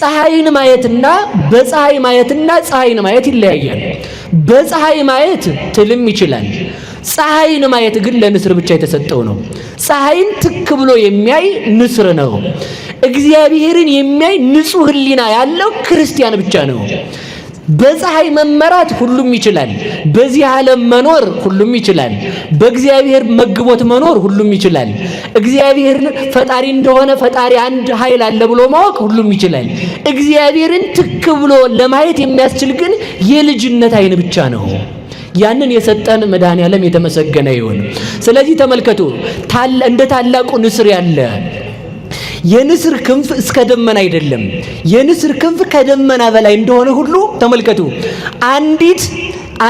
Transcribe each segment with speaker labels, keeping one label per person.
Speaker 1: ፀሐይን ማየትና በፀሐይ ማየትና ፀሐይን ማየት ይለያያል። በፀሐይ ማየት ትልም ይችላል። ፀሐይን ማየት ግን ለንስር ብቻ የተሰጠው ነው። ፀሐይን ትክ ብሎ የሚያይ ንስር ነው። እግዚአብሔርን የሚያይ ንጹሕ ሕሊና ያለው ክርስቲያን ብቻ ነው። በፀሐይ መመራት ሁሉም ይችላል። በዚህ ዓለም መኖር ሁሉም ይችላል። በእግዚአብሔር መግቦት መኖር ሁሉም ይችላል። እግዚአብሔር ፈጣሪ እንደሆነ ፈጣሪ አንድ ኃይል አለ ብሎ ማወቅ ሁሉም ይችላል። እግዚአብሔርን ትክ ብሎ ለማየት የሚያስችል ግን የልጅነት አይን ብቻ ነው። ያንን የሰጠን መድኃኔ ዓለም የተመሰገነ ይሁን። ስለዚህ ተመልከቱ እንደ ታላቁ ንስር ያለ የንስር ክንፍ እስከ ደመና አይደለም፣ የንስር ክንፍ ከደመና በላይ እንደሆነ ሁሉ ተመልከቱ። አንዲት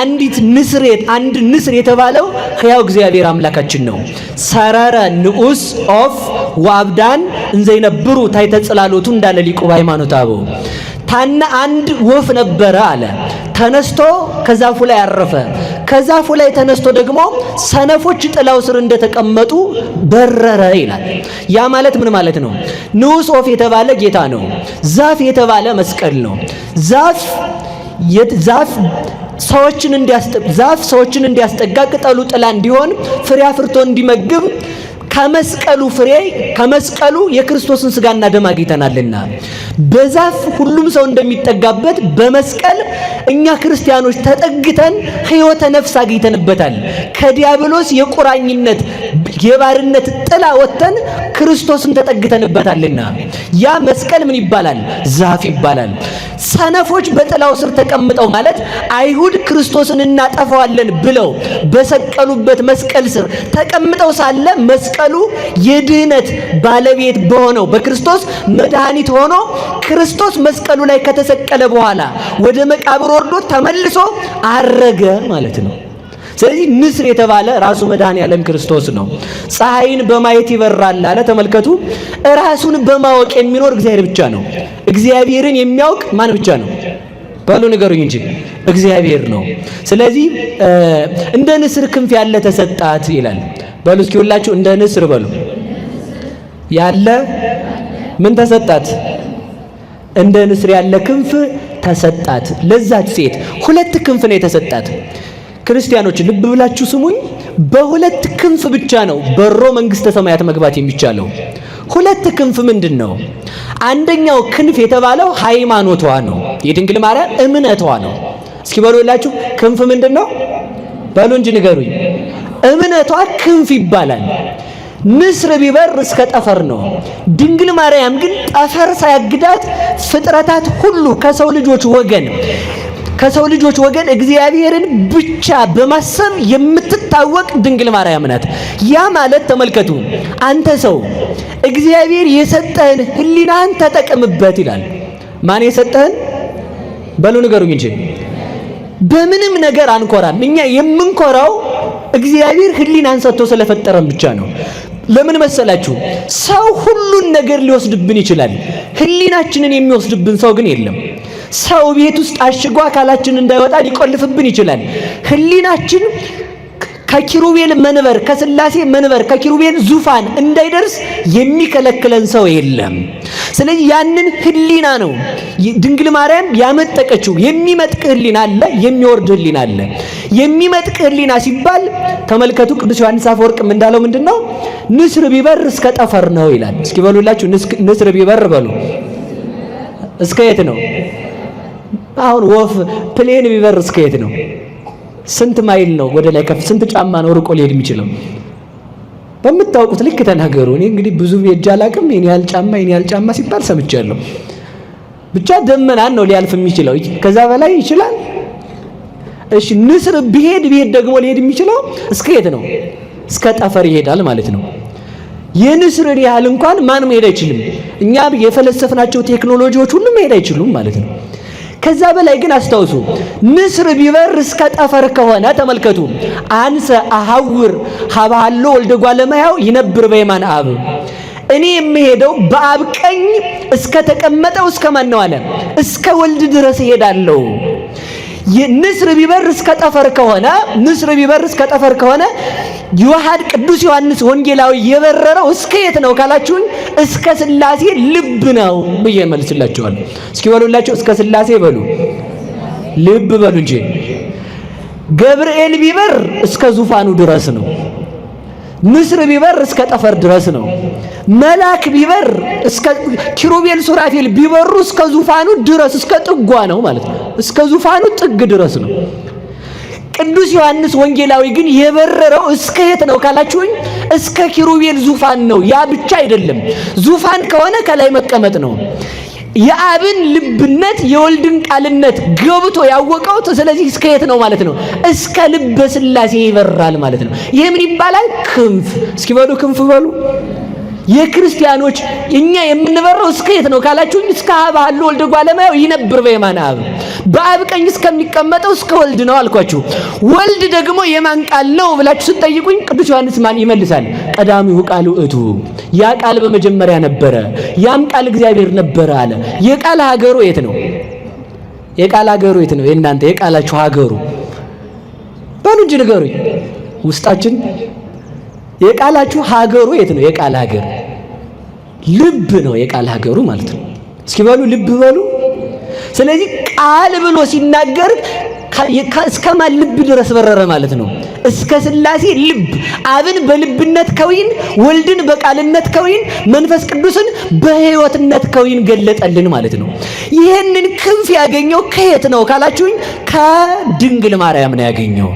Speaker 1: አንዲት ንስሬት አንድ ንስር የተባለው ሕያው እግዚአብሔር አምላካችን ነው። ሰረረ ንዑስ ኦፍ ወአብዳን እንዘይነብሩ ታሕተ ጽላሎቱ እንዳለ ሊቁ በሃይማኖተ አበው። ታና አንድ ወፍ ነበረ አለ ተነስቶ ከዛፉ ላይ አረፈ። ከዛፉ ላይ ተነስቶ ደግሞ ሰነፎች ጥላው ስር እንደተቀመጡ በረረ ይላል። ያ ማለት ምን ማለት ነው? ንዑስ ወፍ የተባለ ጌታ ነው። ዛፍ የተባለ መስቀል ነው። ዛፍ ዛፍ ሰዎችን እንዲያስጠጋ፣ ቅጠሉ ጥላ እንዲሆን ፍሬ አፍርቶ እንዲመግብ ከመስቀሉ ፍሬ ከመስቀሉ የክርስቶስን ስጋና ደም አግኝተናልና በዛፍ ሁሉም ሰው እንደሚጠጋበት በመስቀል እኛ ክርስቲያኖች ተጠግተን ሕይወተ ነፍስ አግኝተንበታል። ከዲያብሎስ የቁራኝነት የባርነት ጥላ ወጥተን ክርስቶስን ተጠግተንበታልና ያ መስቀል ምን ይባላል? ዛፍ ይባላል። ሰነፎች በጥላው ስር ተቀምጠው ማለት አይሁድ ክርስቶስን እናጠፋዋለን ብለው በሰቀሉበት መስቀል ስር ተቀምጠው ሳለ መስቀሉ የድህነት ባለቤት በሆነው በክርስቶስ መድኃኒት ሆኖ ክርስቶስ መስቀሉ ላይ ከተሰቀለ በኋላ ወደ መቃብር ወርዶ ተመልሶ አረገ ማለት ነው። ስለዚህ ንስር የተባለ ራሱ መድኃኔ ዓለም ክርስቶስ ነው። ፀሐይን በማየት ይበራል አለ። ተመልከቱ፣ ራሱን በማወቅ የሚኖር እግዚአብሔር ብቻ ነው። እግዚአብሔርን የሚያውቅ ማን ብቻ ነው? በሉ ንገሩኝ እንጂ እግዚአብሔር ነው። ስለዚህ እንደ ንስር ክንፍ ያለ ተሰጣት ይላል። በሉ እስኪ ሁላችሁ እንደ ንስር በሉ ያለ ምን ተሰጣት? እንደ ንስር ያለ ክንፍ ተሰጣት። ለዛች ሴት ሁለት ክንፍ ነው የተሰጣት። ክርስቲያኖች ልብ ብላችሁ ስሙኝ። በሁለት ክንፍ ብቻ ነው በሮ መንግስተ ሰማያት መግባት የሚቻለው። ሁለት ክንፍ ምንድን ነው? አንደኛው ክንፍ የተባለው ሃይማኖቷ ነው፣ የድንግል ማርያም እምነቷ ነው። እስኪ በሉላችሁ ክንፍ ምንድን ነው? በሉ እንጂ ንገሩኝ። እምነቷ ክንፍ ይባላል። ንስር ቢበር እስከ ጠፈር ነው። ድንግል ማርያም ግን ጠፈር ሳያግዳት ፍጥረታት ሁሉ ከሰው ልጆች ወገን ከሰው ልጆች ወገን እግዚአብሔርን ብቻ በማሰብ የምትታወቅ ድንግል ማርያም ናት። ያ ማለት ተመልከቱ፣ አንተ ሰው እግዚአብሔር የሰጠህን ህሊናን ተጠቅምበት ይላል። ማን የሰጠህን በሉ ንገሩኝ እንጂ በምንም ነገር አንኮራም። እኛ የምንኮራው እግዚአብሔር ህሊናን ሰጥቶ ስለፈጠረን ብቻ ነው። ለምን መሰላችሁ? ሰው ሁሉን ነገር ሊወስድብን ይችላል። ህሊናችንን የሚወስድብን ሰው ግን የለም። ሰው ቤት ውስጥ አሽጎ አካላችን እንዳይወጣ ሊቆልፍብን ይችላል። ህሊናችን ከኪሩቤል መንበር ከስላሴ መንበር ከኪሩቤል ዙፋን እንዳይደርስ የሚከለክለን ሰው የለም። ስለዚህ ያንን ህሊና ነው ድንግል ማርያም ያመጠቀችው። የሚመጥቅ ህሊና አለ፣ የሚወርድ ህሊና አለ። የሚመጥቅ ህሊና ሲባል ተመልከቱ፣ ቅዱስ ዮሐንስ አፈወርቅም እንዳለው ምንድን ነው? ንስር ቢበር እስከ ጠፈር ነው ይላል። እስኪ በሉላችሁ፣ ንስር ቢበር በሉ። እስከ የት ነው? አሁን ወፍ ፕሌን የሚበር እስከየት ነው? ስንት ማይል ነው ወደ ላይ ከፍ ስንት ጫማ ነው ርቆ ሊሄድ የሚችለው? በምታውቁት ልክ ተናገሩ። እኔ እንግዲህ ብዙ የእጅ አላቅም። ይሄን ያህል ጫማ ይሄን ያህል ጫማ ሲባል ሰምቻለሁ። ብቻ ደመናን ነው ሊያልፍ የሚችለው፣ ከዛ በላይ ይችላል። እሺ ንስር ቢሄድ ቢሄድ ደግሞ ሊሄድ የሚችለው እስከ የት ነው? እስከ ጠፈር ይሄዳል ማለት ነው። የንስርን ያህል እንኳን ማንም መሄድ አይችልም። እኛ የፈለሰፍናቸው ቴክኖሎጂዎች ሁሉ መሄድ አይችሉም ማለት ነው። ከዛ በላይ ግን አስታውሱ፣ ንስር ቢበር እስከ ጠፈር ከሆነ ተመልከቱ፣ አንሰ አሐውር ሀባሃሎ ወልደ ጓለማያው ይነብር በየማን አብ እኔ የምሄደው በአብ ቀኝ እስከ ተቀመጠው እስከ ማን ነው አለ እስከ ወልድ ድረስ እሄዳለሁ። ንስር ቢበር እስከ ጠፈር ከሆነ ንስር ቢበር እስከ ጠፈር ከሆነ ዮሐድ ቅዱስ ዮሐንስ ወንጌላዊ የበረረው እስከ የት ነው ካላችሁኝ፣ እስከ ስላሴ ልብ ነው ብዬ እመልስላችኋለሁ። እስኪ በሉላቸው፣ እስከ ሥላሴ በሉ፣ ልብ በሉ እንጂ። ገብርኤል ቢበር እስከ ዙፋኑ ድረስ ነው። ንስር ቢበር እስከ ጠፈር ድረስ ነው። መላክ ቢበር እስከ ኪሩቤል ሱራፌል ቢበሩ እስከ ዙፋኑ ድረስ እስከ ጥጓ ነው ማለት ነው። እስከ ዙፋኑ ጥግ ድረስ ነው። ቅዱስ ዮሐንስ ወንጌላዊ ግን የበረረው እስከ የት ነው ካላችሁኝ፣ እስከ ኪሩቤል ዙፋን ነው። ያ ብቻ አይደለም። ዙፋን ከሆነ ከላይ መቀመጥ ነው። የአብን ልብነት የወልድን ቃልነት ገብቶ ያወቀው ስለዚህ እስከ የት ነው ማለት ነው? እስከ ልበ ስላሴ ይበራል ማለት ነው። ይህ ምን ይባላል? ክንፍ። እስኪ በሉ ክንፍ በሉ የክርስቲያኖች እኛ የምንበረው እስከ የት ነው ካላችሁኝ፣ እስከ አብ አለ ወልድ ጓለማያው ይነብር በየማነ አብ፣ በአብ ቀኝ እስከሚቀመጠው እስከ ወልድ ነው አልኳችሁ። ወልድ ደግሞ የማን ቃል ነው ብላችሁ ስጠይቁኝ ቅዱስ ዮሐንስ ማን ይመልሳል? ቀዳሚው ቃል ውእቱ፣ ያ ቃል በመጀመሪያ ነበረ፣ ያም ቃል እግዚአብሔር ነበረ አለ። የቃል ሀገሩ የት ነው? የቃል ሀገሩ የት ነው? የእናንተ የቃላችሁ ሀገሩ በሉ እንጂ ንገሩኝ ውስጣችን የቃላችሁ ሀገሩ የት ነው? የቃል ሀገር ልብ ነው የቃል ሀገሩ ማለት ነው። እስኪ በሉ ልብ በሉ። ስለዚህ ቃል ብሎ ሲናገር እስከ ማን ልብ ድረስ በረረ ማለት ነው? እስከ ስላሴ ልብ አብን በልብነት ከዊን፣ ወልድን በቃልነት ከዊን፣ መንፈስ ቅዱስን በህይወትነት ከዊን ገለጠልን ማለት ነው። ይህንን ክንፍ ያገኘው ከየት ነው ካላችሁኝ፣ ከድንግል ማርያም ነው ያገኘው።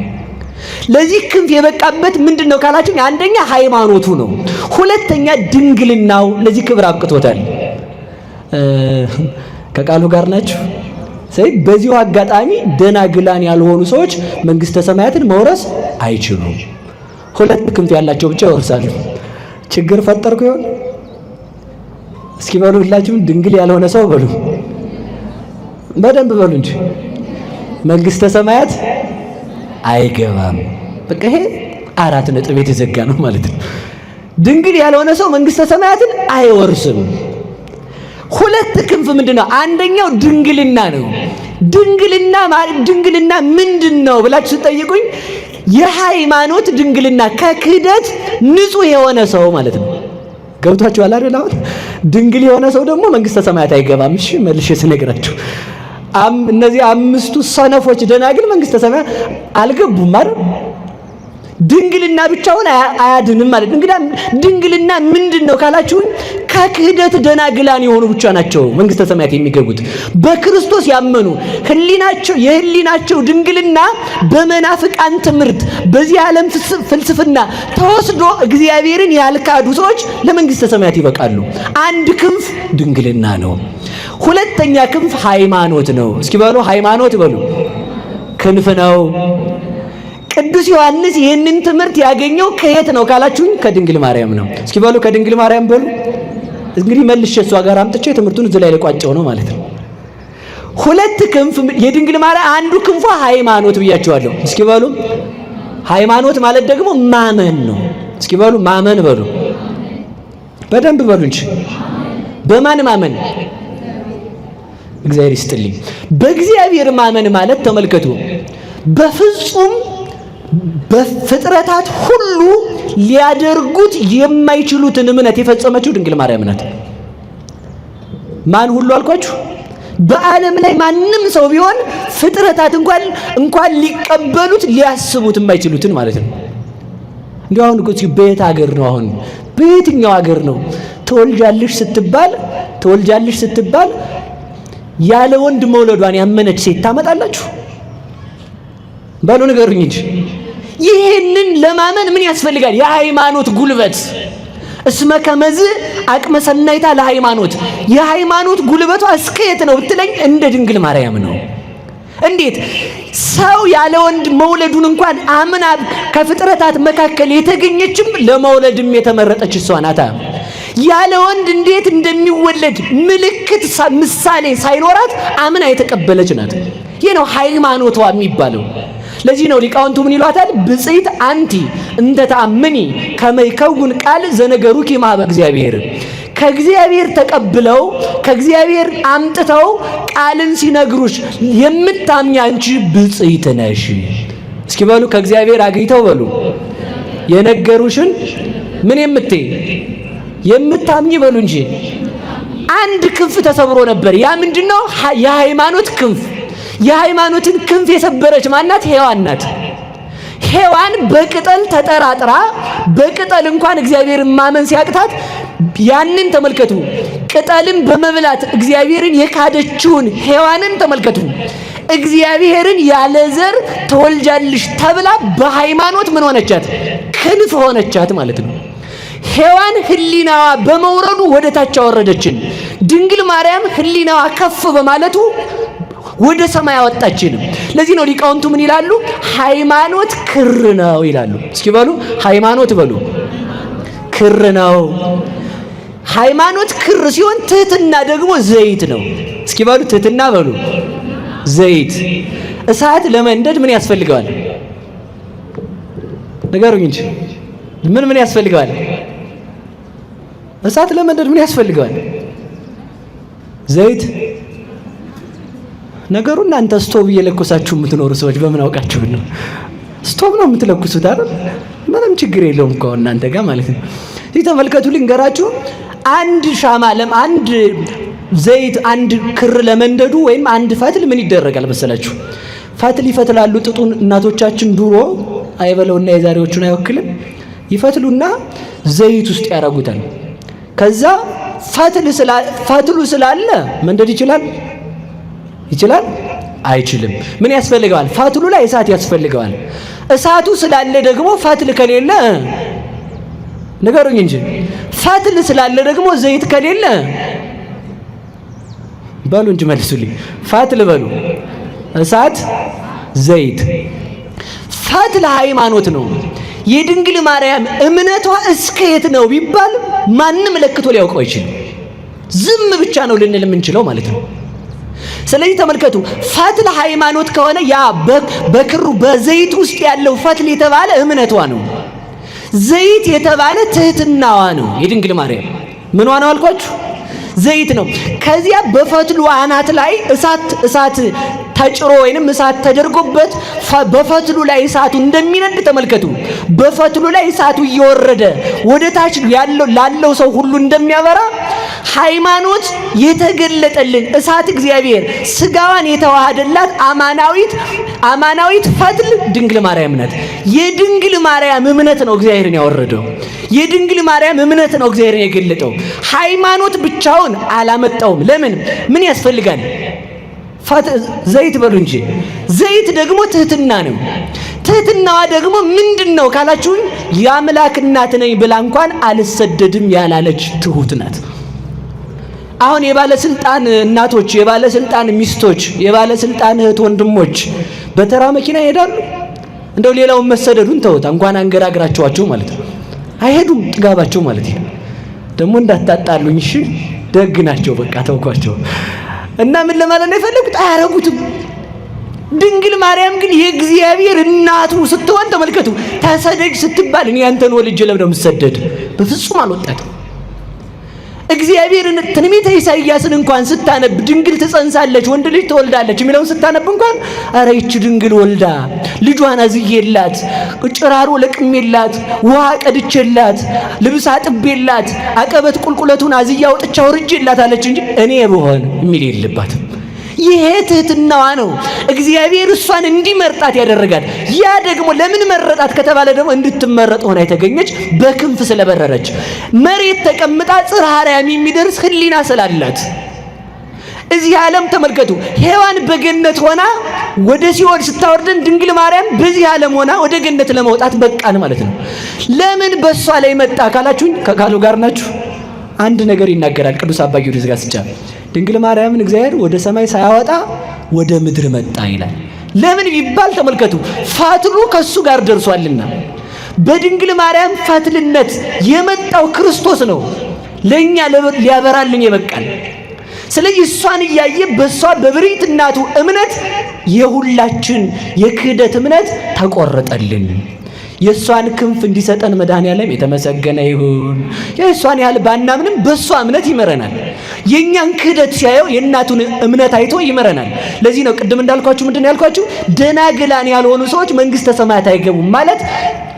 Speaker 1: ለዚህ ክንፍ የበቃበት ምንድን ነው ካላችሁ፣ አንደኛ ሃይማኖቱ ነው። ሁለተኛ ድንግልናው ለዚህ ክብር አብቅቶታል። ከቃሉ ጋር ናችሁ። ስለዚህ በዚሁ አጋጣሚ ደናግላን ያልሆኑ ሰዎች መንግስተ ሰማያትን መውረስ አይችሉም። ሁለት ክንፍ ያላቸው ብቻ ይወርሳሉ። ችግር ፈጠርኩ ይሆን? እስኪ በሉ ሁላችሁም ድንግል ያልሆነ ሰው በሉ፣ በደንብ በሉ እንጂ መንግስተ ሰማያት አይገባም። በቃ ይሄ አራት ነጥብ የተዘጋ ነው ማለት ነው። ድንግል ያልሆነ ሰው መንግስተ ሰማያትን አይወርስም። ሁለት ክንፍ ምንድን ነው? አንደኛው ድንግልና ነው። ድንግልና ማለት ድንግልና ምንድን ነው ብላችሁ ስጠይቁኝ የሃይማኖት ድንግልና ከክህደት ንጹህ የሆነ ሰው ማለት ነው። ገብቷችኋል አይደል? አሁን ድንግል የሆነ ሰው ደግሞ መንግስተ ሰማያት አይገባም። እሺ መልሼ ስነግራችሁ እነዚህ አምስቱ ሰነፎች ደናግል መንግስተ ሰማያት አልገቡም አይደል? ድንግልና ብቻውን አያድንም ማለት እንግዲህ ድንግልና ምንድን ነው ካላችሁን፣ ከክህደት ደናግላን የሆኑ ብቻ ናቸው መንግስተ ሰማያት የሚገቡት። በክርስቶስ ያመኑ ህሊናቸው የህሊናቸው ድንግልና በመናፍቃን ትምህርት፣ በዚህ ዓለም ፍልስፍና ተወስዶ እግዚአብሔርን ያልካዱ ሰዎች ለመንግስተ ሰማያት ይበቃሉ። አንድ ክንፍ ድንግልና ነው። ሁለተኛ ክንፍ ሃይማኖት ነው። እስኪ በሉ ሃይማኖት በሉ ክንፍ ነው። ቅዱስ ዮሐንስ ይህንን ትምህርት ያገኘው ከየት ነው ካላችሁኝ፣ ከድንግል ማርያም ነው። እስኪ በሉ ከድንግል ማርያም በሉ። እንግዲህ መልሼ እሷ ጋር አምጥቼ ትምህርቱን እዚህ ላይ ልቋጨው ነው ማለት ነው። ሁለት ክንፍ የድንግል ማርያም አንዱ ክንፏ ሃይማኖት ብያችኋለሁ። እስኪ በሉ ሃይማኖት ማለት ደግሞ ማመን ነው። እስኪ በሉ ማመን በሉ፣ በደንብ በሉ እንጂ በማን ማመን እግዚአብሔር ይስጥልኝ። በእግዚአብሔር ማመን ማለት ተመልከቱ፣ በፍጹም በፍጥረታት ሁሉ ሊያደርጉት የማይችሉትን እምነት የፈጸመችው ድንግል ማርያም ናት። ማን ሁሉ አልኳችሁ? በዓለም ላይ ማንም ሰው ቢሆን ፍጥረታት እንኳን እንኳን ሊቀበሉት ሊያስቡት የማይችሉትን ማለት ነው። እንዲሁ አሁን እኮ በየት ሀገር ነው አሁን በየትኛው ሀገር ነው ተወልጃለሽ ስትባል ተወልጃለሽ ስትባል ያለ ወንድ መውለዷን ያመነች ሴት ታመጣላችሁ? በሉ ንገሩኝ እንጂ ይህንን ለማመን ምን ያስፈልጋል? የሃይማኖት ጉልበት እስመ ከመዝ አቅመ ሰናይታ ለሃይማኖት የሃይማኖት ጉልበቷ እስከየት ነው ብትለኝ እንደ ድንግል ማርያም ነው። እንዴት ሰው ያለ ወንድ መውለዱን እንኳን አምና ከፍጥረታት መካከል የተገኘችም ለመውለድም የተመረጠች እሷ ናታ። ያለ ወንድ እንዴት እንደሚወለድ ምልክት ምሳሌ ሳይኖራት አምና የተቀበለች ናት። ይህ ነው ሃይማኖቷ የሚባለው። ለዚህ ነው ሊቃውንቱ ምን ይሏታል? ብጽት አንቲ እንተ ተአምኒ ከመ ቃል ዘነገሩኪ ማበ እግዚአብሔር። ከእግዚአብሔር ተቀብለው ከእግዚአብሔር አምጥተው ቃልን ሲነግሩሽ የምታምኝ አንቺ ብጽይት ነሽ። እስኪ በሉ ከእግዚአብሔር አግኝተው በሉ የነገሩሽን ምን የምትይ የምታምኝ በሉ እንጂ አንድ ክንፍ ተሰብሮ ነበር። ያ ምንድነው? የሃይማኖት ክንፍ። የሃይማኖትን ክንፍ የሰበረች ማናት? ሔዋን ናት። ሔዋን በቅጠል ተጠራጥራ በቅጠል እንኳን እግዚአብሔርን ማመን ሲያቅታት ያንን ተመልከቱ። ቅጠልን በመብላት እግዚአብሔርን የካደችውን ሔዋንን ተመልከቱ። እግዚአብሔርን ያለ ዘር ትወልጃለሽ ተብላ በሃይማኖት ምን ሆነቻት? ክንፍ ሆነቻት ማለት ነው። ሔዋን ህሊናዋ በመውረዱ ወደ ታች አወረደችን። ድንግል ማርያም ህሊናዋ ከፍ በማለቱ ወደ ሰማይ አወጣችንም ለዚህ ነው ሊቃውንቱ ምን ይላሉ? ሃይማኖት ክር ነው ይላሉ። እስኪ በሉ ሃይማኖት በሉ ክር ነው። ሃይማኖት ክር ሲሆን ትህትና ደግሞ ዘይት ነው። እስኪ በሉ ትህትና በሉ ዘይት። እሳት ለመንደድ ምን ያስፈልገዋል? ነገሩኝ እንጂ ምን ምን ያስፈልገዋል? እሳት ለመንደድ ምን ያስፈልገዋል? ዘይት ነገሩ እናንተ ስቶቭ እየለኮሳችሁ የምትኖሩ ሰዎች በምን አውቃችሁ ነው? ስቶቭ ነው የምትለኩሱት አይደል? ምንም ችግር የለውም እኮ እናንተ ጋር ማለት ነው። ይህ ተመልከቱ፣ ልንገራችሁ። አንድ ሻማ አንድ ዘይት አንድ ክር ለመንደዱ ወይም አንድ ፈትል ምን ይደረጋል መሰላችሁ? ፈትል ይፈትላሉ። ጥጡን እናቶቻችን ድሮ አይበለውና የዛሬዎቹን አይወክልም። ይፈትሉና ዘይት ውስጥ ያደርጉታል። ከዛ ፈትሉ ስላለ መንደድ ይችላል ይችላል አይችልም። ምን ያስፈልገዋል? ፈትሉ ላይ እሳት ያስፈልገዋል። እሳቱ ስላለ ደግሞ ፈትል ከሌለ ንገሩኝ እንጂ ፈትል ስላለ ደግሞ ዘይት ከሌለ በሉ እንጂ መልሱልኝ። ፈትል በሉ እሳት ዘይት ፈትል ሃይማኖት ነው። የድንግል ማርያም እምነቷ እስከ የት ነው ቢባል ማንም ለክቶ ሊያውቀው አይችልም። ዝም ብቻ ነው ልንል የምንችለው ማለት ነው። ስለዚህ ተመልከቱ፣ ፈትል ሃይማኖት ከሆነ ያ በክሩ በዘይት ውስጥ ያለው ፈትል የተባለ እምነቷ ነው። ዘይት የተባለ ትህትናዋ ነው። የድንግል ማርያም ምኗ ነው አልኳችሁ? ዘይት ነው። ከዚያ በፈትሉ አናት ላይ እሳት እሳት ተጭሮ ወይንም እሳት ተደርጎበት በፈትሉ ላይ እሳቱ እንደሚነድ ተመልከቱ። በፈትሉ ላይ እሳቱ እየወረደ ወደ ታች ላለው ሰው ሁሉ እንደሚያበራ ሃይማኖት የተገለጠልን እሳት እግዚአብሔር ስጋዋን የተዋሃደላት አማናዊት አማናዊት ፈትል ድንግል ማርያም ናት። የድንግል ማርያም እምነት ነው እግዚአብሔርን ያወረደው። የድንግል ማርያም እምነት ነው እግዚአብሔርን የገለጠው። ሃይማኖት ብቻውን አላመጣውም። ለምን ምን ያስፈልጋል? ዘይት በሉ እንጂ ዘይት ደግሞ ትህትና ነው። ትህትናዋ ደግሞ ምንድን ነው ካላችሁኝ፣ የአምላክ እናት ነኝ ብላ እንኳን አልሰደድም ያላለች ትሁት ናት። አሁን የባለስልጣን እናቶች፣ የባለስልጣን ሚስቶች፣ የባለስልጣን እህት ወንድሞች በተራ መኪና ይሄዳሉ። እንደው ሌላውን መሰደዱን ተውታ እንኳን አንገራግራቸዋቸው ማለት ነው። አይሄዱም ጥጋባቸው ማለት ነው። ደግሞ እንዳታጣሉኝ እሺ። ደግ ናቸው። በቃ ተውኳቸው። እና ምን ለማለት ነው የፈለጉት? አያረጉትም። ድንግል ማርያም ግን የእግዚአብሔር እናቱ ስትሆን ተመልከቱ። ተሰደጅ ስትባል እኔ ያንተን ወልጄ ለምን ነው የምሰደድ? በፍጹም አልወጣትም። እግዚአብሔርን ትንቢተ ኢሳይያስን እንኳን ስታነብ ድንግል ትጸንሳለች ወንድ ልጅ ትወልዳለች የሚለውን ስታነብ እንኳን አረ ይቺ ድንግል ወልዳ ልጇን አዝዬላት፣ ጭራሮ ለቅሜላት፣ ውሃ ቀድቼላት፣ ልብስ አጥቤላት፣ አቀበት ቁልቁለቱን አዝያ አውጥቻ ወርጄላት አለች እንጂ እኔ ብሆን የሚል የለባትም። ይሄ ትህትናዋ ነው እግዚአብሔር እሷን እንዲመርጣት ያደረጋት። ያ ደግሞ ለምን መረጣት ከተባለ ደግሞ እንድትመረጥ ሆና የተገኘች በክንፍ ስለበረረች መሬት ተቀምጣ ጽርሐ አርያም የሚደርስ ህሊና ስላላት እዚህ ዓለም ተመልከቱ። ሔዋን በገነት ሆና ወደ ሲኦል ስታወርደን ድንግል ማርያም በዚህ ዓለም ሆና ወደ ገነት ለመውጣት በቃን ማለት ነው። ለምን በእሷ ላይ መጣ ካላችሁኝ፣ ከቃሉ ጋር ናችሁ። አንድ ነገር ይናገራል ቅዱስ አባ ጊዮርጊስ ዘጋስጫ ድንግል ማርያምን እግዚአብሔር ወደ ሰማይ ሳያወጣ ወደ ምድር መጣ ይላል። ለምን ቢባል ተመልከቱ፣ ፋትሉ ከሱ ጋር ደርሷልና በድንግል ማርያም ፋትልነት የመጣው ክርስቶስ ነው ለኛ ሊያበራልን የበቃል። ስለዚህ እሷን እያየ በእሷ በብሪት እናቱ እምነት የሁላችን የክህደት እምነት ተቆረጠልን። የእሷን ክንፍ እንዲሰጠን መድኃኔዓለም የተመሰገነ ይሁን። የእሷን ያህል ባናምንም በእሷ እምነት ይመረናል። የእኛን ክህደት ሲያየው የእናቱን እምነት አይቶ ይመረናል። ለዚህ ነው ቅድም እንዳልኳችሁ ምንድን ያልኳችሁ ደናግላን ያልሆኑ ሰዎች መንግሥተ ሰማያት አይገቡም ማለት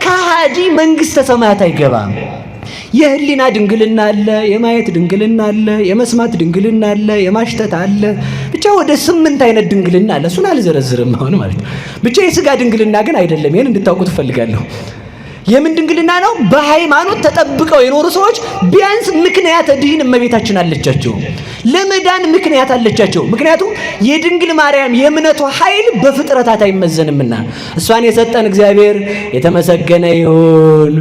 Speaker 1: ከሃዲ መንግሥተ ሰማያት አይገባም። የህሊና ድንግልና አለ፣ የማየት ድንግልና አለ፣ የመስማት ድንግልና አለ፣ የማሽተት አለ። ብቻ ወደ ስምንት አይነት ድንግልና አለ። እሱን አልዘረዝርም አሁን ማለት ነው። ብቻ የስጋ ድንግልና ግን አይደለም። ይህን እንድታውቁ ትፈልጋለሁ። የምን ድንግልና ነው? በሃይማኖት ተጠብቀው የኖሩ ሰዎች ቢያንስ ምክንያት ድህን እመቤታችን አለቻቸው፣ ለመዳን ምክንያት አለቻቸው። ምክንያቱም የድንግል ማርያም የእምነቱ ኃይል በፍጥረታት አይመዘንምና እሷን የሰጠን እግዚአብሔር የተመሰገነ ይሁን።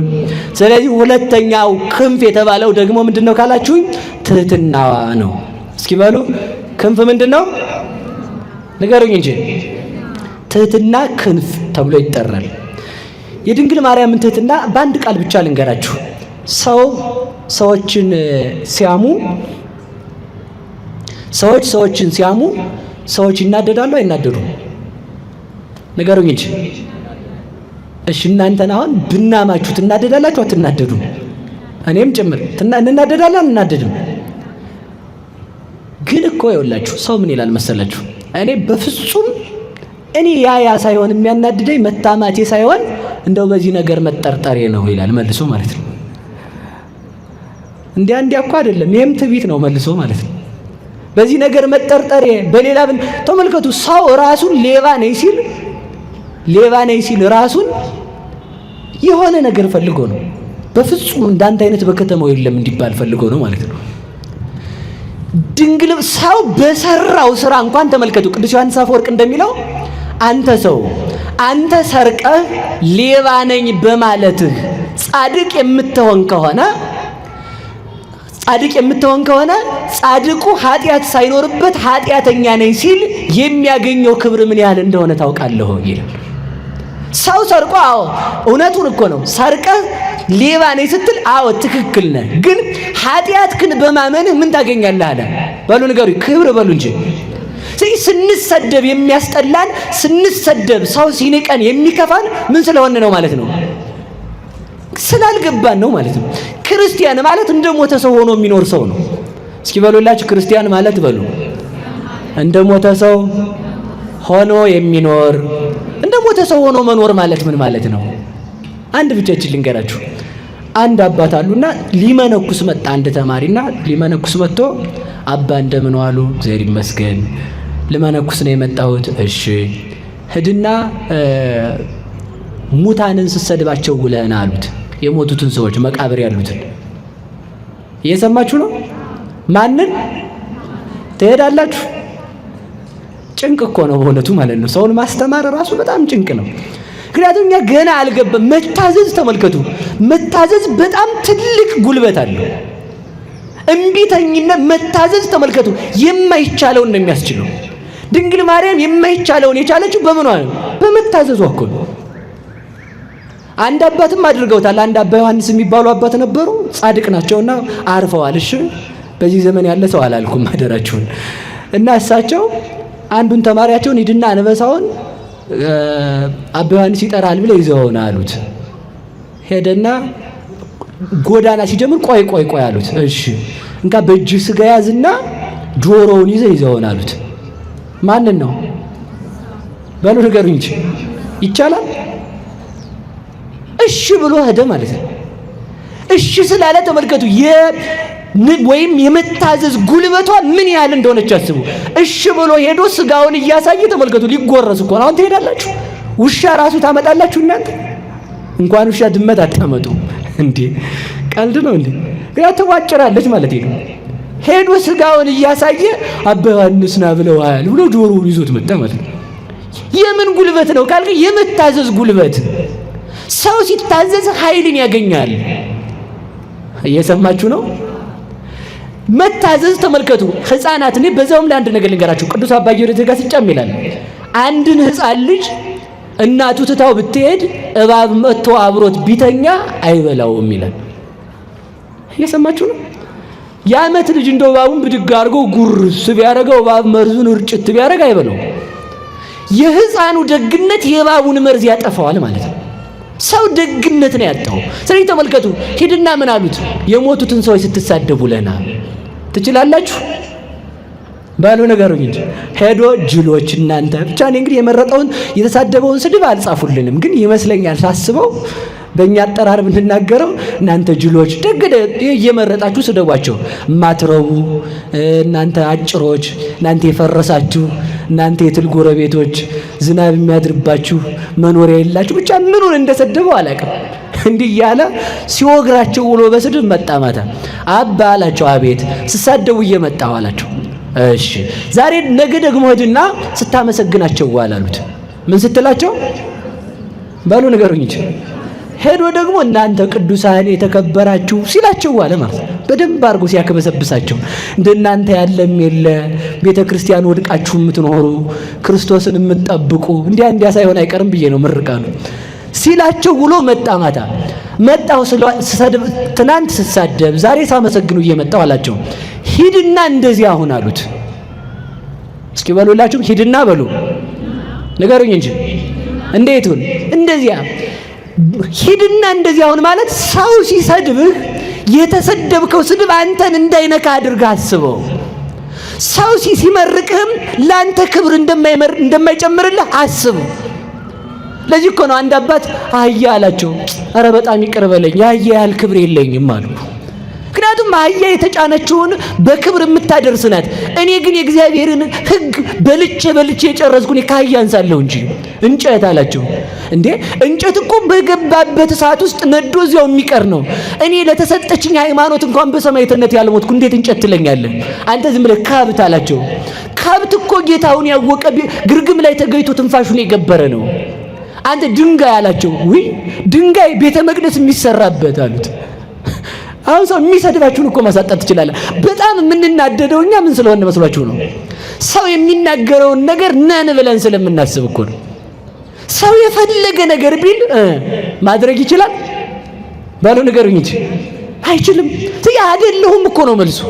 Speaker 1: ስለዚህ ሁለተኛው ክንፍ የተባለው ደግሞ ምንድን ነው ካላችሁኝ ትህትናዋ ነው። እስኪ በሉ ክንፍ ምንድን ነው ንገሩኝ እንጂ ትህትና ክንፍ ተብሎ ይጠራል። የድንግል ማርያምን ትህትና በአንድ ቃል ብቻ ልንገራችሁ። ሰው ሰዎችን ሲያሙ ሰዎች ሰዎችን ሲያሙ ሰዎች ይናደዳሉ አይናደዱም? ንገሩኝ እንጂ። እሺ እናንተን አሁን ብናማችሁ ትናደዳላችሁ አትናደዱም? እኔም ጭምር እንናደዳለን እናደድም። ግን እኮ ይኸውላችሁ ሰው ምን ይላል መሰላችሁ? እኔ በፍጹም እኔ ያ ያ ሳይሆን የሚያናድደኝ መታማቴ ሳይሆን እንደው በዚህ ነገር መጠርጠሬ ነው ይላል መልሶ ማለት ነው። እንዲያ እንዲያ እኮ አይደለም፣ ይህም ትቢት ነው መልሶ ማለት ነው። በዚህ ነገር መጠርጠሬ በሌላ ብን ተመልከቱ። ሰው ራሱን ሌባ ነኝ ሲል ሌባ ነኝ ሲል ራሱን የሆነ ነገር ፈልጎ ነው። በፍጹም እንዳንተ አይነት በከተማው የለም እንዲባል ፈልጎ ነው ማለት ነው። ድንግል ሰው በሰራው ስራ እንኳን ተመልከቱ። ቅዱስ ዮሐንስ አፈወርቅ እንደሚለው አንተ ሰው አንተ ሰርቀህ ሌባ ነኝ በማለትህ ጻድቅ የምትሆን ከሆነ ጻድቅ የምትሆን ከሆነ ጻድቁ ኃጢአት ሳይኖርበት ኃጢአተኛ ነኝ ሲል የሚያገኘው ክብር ምን ያህል እንደሆነ ታውቃለህ ይላል። ሰው ሰርቆ፣ አዎ እውነቱን እኮ ነው። ሰርቀህ ሌባ ነኝ ስትል፣ አዎ ትክክል ነህ። ግን ኃጢአትህን በማመንህ ምን ታገኛለህ አለ። በሉ ንገሩ፣ ክብር በሉ እንጂ ስለዚህ ስንሰደብ የሚያስጠላን ስንሰደብ ሰው ሲንቀን የሚከፋን ምን ስለሆነ ነው ማለት ነው ስላልገባን ነው ማለት ነው። ክርስቲያን ማለት እንደ ሞተ ሰው ሆኖ የሚኖር ሰው ነው። እስኪ በሉላችሁ ክርስቲያን ማለት በሉ፣ እንደ ሞተ ሰው ሆኖ የሚኖር እንደ ሞተ ሰው ሆኖ መኖር ማለት ምን ማለት ነው? አንድ ብቻችን ልንገራችሁ። አንድ አባት አሉና ሊመነኩስ መጣ። አንድ ተማሪና ሊመነኩስ መጥቶ አባ እንደምን ዋሉ? እግዚአብሔር ይመስገን ልመነኩስ ነው የመጣሁት። እሺ ሂድና ሙታንን ስሰድባቸው ውለህን አሉት። የሞቱትን ሰዎች መቃብር ያሉትን እየሰማችሁ ነው። ማንን ትሄዳላችሁ? ጭንቅ እኮ ነው በእውነቱ ማለት ነው። ሰውን ማስተማር ራሱ በጣም ጭንቅ ነው። ምክንያቱም እኛ ገና አልገባም። መታዘዝ ተመልከቱ፣ መታዘዝ በጣም ትልቅ ጉልበት አለው። እምቢተኝነት፣ መታዘዝ ተመልከቱ፣ የማይቻለውን ነው የሚያስችለው። ድንግል ማርያም የማይቻለውን የቻለችው በምኗ ነው? በመታዘዟ እኮ ነው። አንድ አባትም አድርገውታል። አንድ አባ ዮሐንስ የሚባሉ አባት ነበሩ። ጻድቅ ናቸውና አርፈዋል። እሺ በዚህ ዘመን ያለ ሰው አላልኩም ማደራቸውን እና እሳቸው አንዱን ተማሪያቸውን ሂድና አንበሳውን አባ ዮሐንስ ይጠራል ብለ ይዘውን አሉት። ሄደና ጎዳና ሲጀምር ቆይ ቆይ ቆይ አሉት። እሺ እንካ በእጅህ ስጋ ያዝና ጆሮውን ይዘ ይዘውን አሉት። ማንን ነው? በሉ ነገር እንጂ ይቻላል። እሺ ብሎ ሄደ ማለት ነው። እሺ ስላለ ተመልከቱ፣ ወይም የመታዘዝ ጉልበቷ ምን ያህል እንደሆነች አስቡ። እሺ ብሎ ሄዶ ስጋውን እያሳየ ተመልከቱ፣ ሊጎረስ እኮ አሁን ትሄዳላችሁ፣ ውሻ ራሱ ታመጣላችሁ እናንተ። እንኳን ውሻ ድመት አታመጡ እንዴ! ቀልድ ነው እንዴ? ግን ትቧጭራለች ማለት ነው። ሄዶ ስጋውን እያሳየ አባ ዮሐንስ ና ብለዋል ብሎ ጆሮውን ይዞት መጣ ማለት ነው። የምን ጉልበት ነው ካልክ የመታዘዝ ጉልበት። ሰው ሲታዘዝ ኃይልን ያገኛል። እየሰማችሁ ነው። መታዘዝ ተመልከቱ ህፃናት። እኔ በዛውም ለአንድ ነገር ልንገራችሁ። ቅዱስ አባ ጊዮርጊስ ዘጋሥጫም ይላል አንድን ህፃን ልጅ እናቱ ትታው ብትሄድ እባብ መጥቶ አብሮት ቢተኛ አይበላውም ይላል። እየሰማችሁ ነው። የአመት ልጅ እንደው እባቡን ብድግ አድርጎ ጉርስ ቢያደርገው እባብ መርዙን እርጭት ቢያደርግ አይበለው። የህፃኑ ደግነት የእባቡን መርዝ ያጠፋዋል ማለት ነው። ሰው ደግነት ነው ያጣው። ስለዚህ ተመልከቱ፣ ሂድና ምን አሉት? የሞቱትን ሰዎች ስትሳደቡ ለና ትችላላችሁ ባሉ ነገር እንጂ ሄዶ ጅሎች እናንተ ብቻ። እኔ እንግዲህ የመረጠውን የተሳደበውን ስድብ አልጻፉልንም፣ ግን ይመስለኛል ሳስበው በእኛ አጠራር ብንናገረው እናንተ ጅሎች ደግ እየመረጣችሁ ስደቧቸው። ማትረቡ እናንተ አጭሮች፣ እናንተ የፈረሳችሁ፣ እናንተ የትል ጎረቤቶች፣ ዝናብ የሚያድርባችሁ፣ መኖሪያ የላችሁ ብቻ ምኑን እንደሰደበው አላቅም። እንዲህ እያለ ሲወግራቸው ውሎ በስድብ መጣ ማታ። አባ አላቸው። አቤት ስሳደቡ እየመጣሁ አላቸው። እሺ ዛሬ ነገ ደግሞ ሂድና ስታመሰግናቸው ዋል አሉት። ምን ስትላቸው በሉ ንገሩኝ እንጂ ሄዶ ደግሞ እናንተ ቅዱሳን የተከበራችሁ ሲላቸው አለ ማለት ነው። በደንብ አድርጎ ሲያከበሰብሳቸው እንደናንተ ያለም የለ ቤተ ክርስቲያን ወድቃችሁ የምትኖሩ ክርስቶስን የምትጠብቁ እንዲያ እንዲያ ሳይሆን አይቀርም ብዬ ነው ምርቃሉ ሲላቸው ውሎ መጣ። ማታ መጣው ትናንት ስሳደብ ዛሬ ሳመሰግኑ እየመጣው አላቸው። ሂድና እንደዚህ አሁን አሉት። እስኪ በሉላችሁ ሂድና በሉ ንገሩኝ እንጂ እንዴቱን እንደዚያ ሂድና እንደዚህ አሁን ማለት ሰው ሲሰድብህ የተሰደብከው ስድብ አንተን እንዳይነካ አድርገህ አስበው። ሰው ሲመርቅህም ለአንተ ክብር እንደማይጨምርልህ አስብ። ለዚህ እኮ ነው አንድ አባት አህያ አላቸው። ኧረ በጣም ይቅር በለኝ የአህያ ያህል ክብር የለኝም አሉ። እችም አህያ የተጫነችውን በክብር የምታደርስ ናት። እኔ ግን የእግዚአብሔርን ሕግ በልቼ በልቼ የጨረስኩን ከአህያ አንሳለሁ እንጂ እንጨት አላቸው። እንዴ እንጨት እኮ በገባበት ሰዓት ውስጥ ነዶ እዚያው የሚቀር ነው። እኔ ለተሰጠችኝ ሃይማኖት እንኳን በሰማዕትነት ያልሞትኩ እንዴት እንጨት ትለኛለህ አንተ? ዝም ብለህ ከብት አላቸው። ከብት እኮ ጌታውን ያወቀ ግርግም ላይ ተገኝቶ ትንፋሹን የገበረ ነው። አንተ ድንጋይ አላቸው። ውይ ድንጋይ ቤተ መቅደስ የሚሰራበት አሉት። አሁን ሰው የሚሰድባችሁን እኮ ማሳጣት ትችላለ። በጣም የምንናደደው እኛ ምን ስለሆነ መስሏችሁ ነው? ሰው የሚናገረውን ነገር ነን ብለን ስለምናስብ እኮ ነው። ሰው የፈለገ ነገር ቢል ማድረግ ይችላል ባለው ነገር እንጂ አይችልም። አይደለሁም እኮ ነው መልሱ።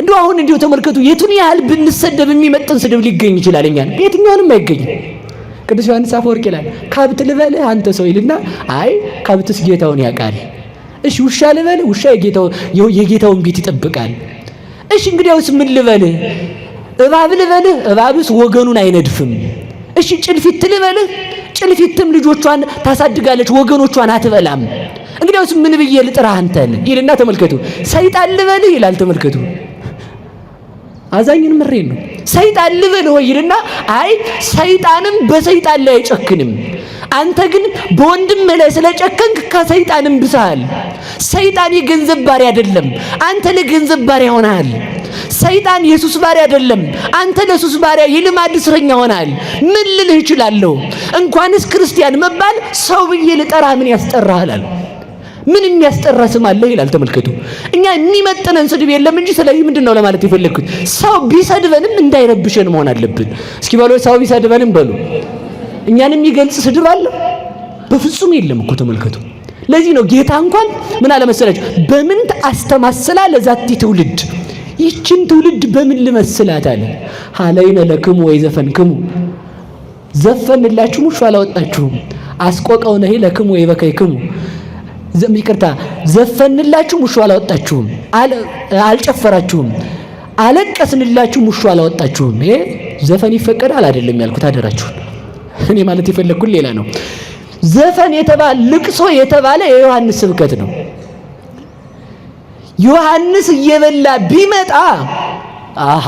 Speaker 1: እንደው አሁን እንዲሁ ተመልከቱ፣ የቱን ያህል ብንሰደብ የሚመጥን ስድብ ሊገኝ ይችላል? እኛ የትኛውንም አይገኝም። ቅዱስ ዮሐንስ አፈወርቅ ይላል፣ ካብት ልበልህ አንተ ሰው ይልና፣ አይ ካብትስ ጌታውን ያውቃል እሺ ውሻ ልበል? ውሻ የጌታውን ቤት ይጠብቃል። እሺ እንግዲያውስ ምን ልበልህ? እባብ ልበልህ? እባብስ ወገኑን አይነድፍም። እሺ ጭልፊት ልበልህ? ጭልፊትም ልጆቿን ታሳድጋለች፣ ወገኖቿን አትበላም። እንግዲያውስ ምን ብዬ ልጥራህ አንተን ይልና ተመልከቱ። ሰይጣን ልበልህ ይላል። ተመልከቱ። አዛኝን ምሬን ነው። ሰይጣን ልበልህ ወይ ይልና አይ ሰይጣንም በሰይጣን ላይ አይጨክንም አንተ ግን በወንድም ላይ ስለጨከንክ ከሰይጣንም ብሰሃል። ሰይጣን የገንዘብ ባሪያ አይደለም፣ አንተ ለገንዘብ ባሪያ ሆነሃል። ሰይጣን የሱስ ባሪያ አይደለም፣ አንተ ለሱስ ባሪያ የልማድ እስረኛ ሆነሃል። ምን ልልህ እችላለሁ? እንኳንስ ክርስቲያን መባል ሰው ብዬ ልጠራ ምን ያስጠራሃል? ምን የሚያስጠራ ስም አለህ ይላል። ተመልከቱ፣ እኛ የሚመጥነን ስድብ የለም እንጂ። ስለዚህ ምንድን ነው ለማለት የፈለግኩት ሰው ቢሰድበንም እንዳይረብሸን መሆን አለብን። እስኪ በሉ ሰው ቢሰድበንም በሉ እኛን የሚገልጽ ስድብ አለ? በፍጹም የለም እኮ ተመልከቱ። ለዚህ ነው ጌታ እንኳን ምን አለመሰላችሁ? በምን አስተማስላ ለዛቲ ትውልድ ይችን ትውልድ በምን ልመስላት አለ። ሀለይነ ለክሙ ወይ ዘፈንክሙ ዘፈንላችሁ ሙሾ አላወጣችሁም። አስቆቀው ነሂ ለክሙ ወይ በከይክሙ ይቅርታ፣ ዘፈንላችሁ ሙሾ አላወጣችሁም፣ አልጨፈራችሁም። አለቀስንላችሁ ሙሾ አላወጣችሁም። ይሄ ዘፈን ይፈቀዳል አይደለም ያልኩት፣ አደራችሁን እኔ ማለት የፈለግኩን ሌላ ነው። ዘፈን የተባለ ልቅሶ የተባለ የዮሐንስ ስብከት ነው። ዮሐንስ እየበላ ቢመጣ አሃ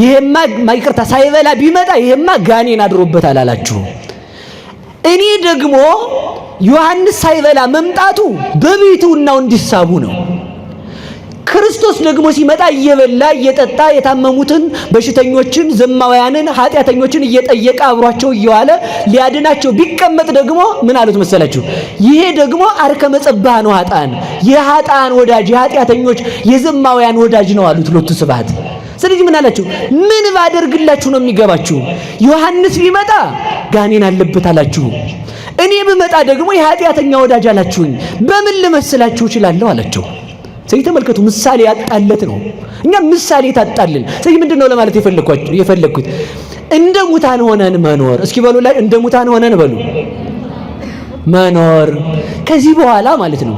Speaker 1: ይሄማ ማይቅርታ ሳይበላ ቢመጣ ይሄማ ጋኔን አድሮበታል አላላችሁ። እኔ ደግሞ ዮሐንስ ሳይበላ መምጣቱ በቤቱ እናው እንዲሳቡ ነው። ክርስቶስ ደግሞ ሲመጣ እየበላ እየጠጣ የታመሙትን፣ በሽተኞችን፣ ዘማውያንን፣ ኃጢአተኞችን እየጠየቀ አብሯቸው እየዋለ ሊያድናቸው ቢቀመጥ ደግሞ ምን አሉት መሰላችሁ? ይሄ ደግሞ አርከ መጸባህ ነው ኃጣን የኃጣን ወዳጅ የኃጢአተኞች የዘማውያን ወዳጅ ነው አሉት ሎቱ ስብሐት። ስለዚህ ምን አላችሁ? ምን ባደርግላችሁ ነው የሚገባችሁ? ዮሐንስ ቢመጣ ጋኔን አለበት አላችሁ። እኔ ብመጣ ደግሞ የኃጢአተኛ ወዳጅ አላችሁኝ። በምን ልመስላችሁ እችላለሁ አላቸው። ስለዚህ ተመልከቱ፣ ምሳሌ ያጣለት ነው። እኛ ምሳሌ ታጣልን። ስለዚህ ምንድን ነው ለማለት የፈለግኩት እንደ ሙታን ሆነን መኖር። እስኪ በሉ ላይ እንደ ሙታን ሆነን በሉ መኖር። ከዚህ በኋላ ማለት ነው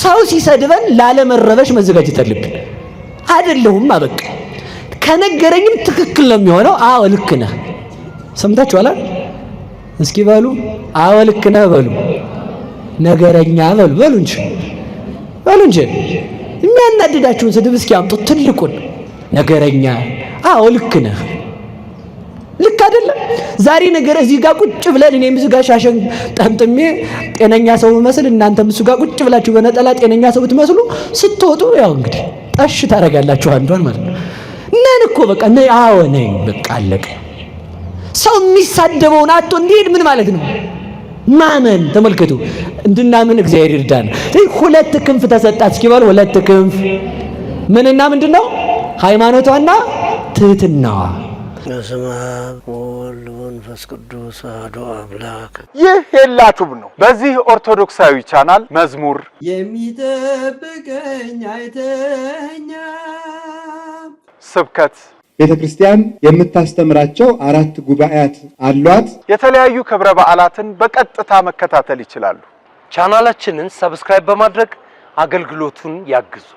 Speaker 1: ሰው ሲሰድበን ላለመረበሽ መዘጋጀት አለብን። አይደለሁም አበቃ። ከነገረኝም ትክክል ነው የሚሆነው። አዎ ልክ ነህ። ሰምታችኋል። እስኪ በሉ አዎ ልክ ነህ በሉ ነገረኛ በሉ በሉ እንጂ በሉ እንጂ የሚያናድዳችሁን ስድብ እስኪ አምጡት። ትልቁን ነገረኛ። አዎ ልክ ነህ፣ ልክ አይደለም። ዛሬ ነገር እዚህ ጋር ቁጭ ብለን እኔ እዚህ ጋር ሻሸን ጠምጥሜ ጤነኛ ሰው መስል እናንተም እሱ ጋር ቁጭ ብላችሁ በነጠላ ጤነኛ ሰው ብትመስሉ ስትወጡ ያው እንግዲህ ጠሽ ታደርጋላችሁ አንዷን ማለት ነው። ነን እኮ በቃ ነ አዎ ነኝ በቃ አለቀ። ሰው የሚሳደበውን አቶ እንዲሄድ ምን ማለት ነው? ማመን ተመልከቱ፣ እንድናምን እግዚአብሔር ይርዳን። ሁለት ክንፍ ተሰጣት እስኪባል ሁለት ክንፍ ምንና ምንድን ነው? ሃይማኖቷና ትህትናዋ።
Speaker 2: በስመ አብ ወወልድ ወመንፈስ ቅዱስ አሐዱ አምላክ። ይህ ሄላቱብ ነው። በዚህ ኦርቶዶክሳዊ ቻናል መዝሙር የሚጠብቀኝ አይተኛ፣ ስብከት ቤተ ክርስቲያን የምታስተምራቸው አራት ጉባኤያት አሏት። የተለያዩ ክብረ በዓላትን በቀጥታ መከታተል ይችላሉ። ቻናላችንን ሰብስክራይብ በማድረግ አገልግሎቱን ያግዙ።